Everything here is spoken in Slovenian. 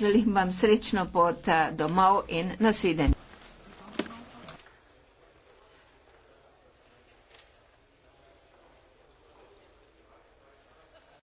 Želim vam srečno pot eh, domov in nasvidenje.